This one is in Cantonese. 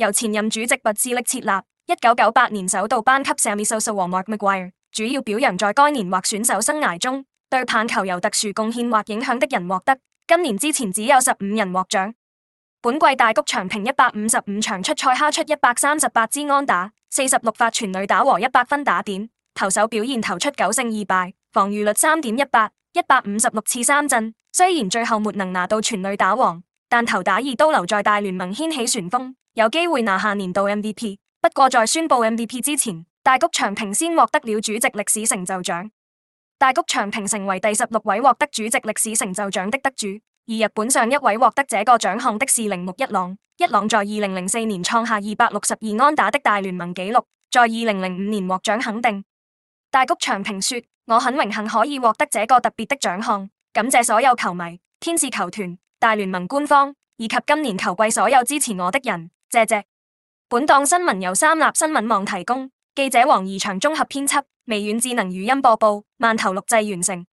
由前任主席不自力設立。一九九八年，首度頒給上面受述王、Mark、McGwire 主要表揚在該年或選手生涯中對棒球有特殊貢獻或影響的人獲得。今年之前只有十五人獲獎。本季大谷翔平一百五十五場出賽，敲出一百三十八支安打，四十六發全壘打和一百分打點，投手表現投出九勝二敗，防禦率三點一八，一百五十六次三振。雖然最後沒能拿到全壘打王，但投打二刀流在大聯盟掀起旋風。有機會拿下年度 MVP，不過在宣布 MVP 之前，大谷翔平先獲得了主席歷史成就獎。大谷翔平成為第十六位獲得主席歷史成就獎的得主，而日本上一位獲得這個獎項的是鈴木一朗。一朗在二零零四年創下二百六十二安打的大聯盟紀錄，在二零零五年獲獎肯定。大谷翔平說：我很榮幸可以獲得這個特別的獎項，感謝所有球迷、天使球團、大聯盟官方以及今年球季所有支持我的人。謝謝。本檔新聞由三立新聞網提供，記者王怡祥綜合編輯，微軟智能語音播報，饅頭錄製完成。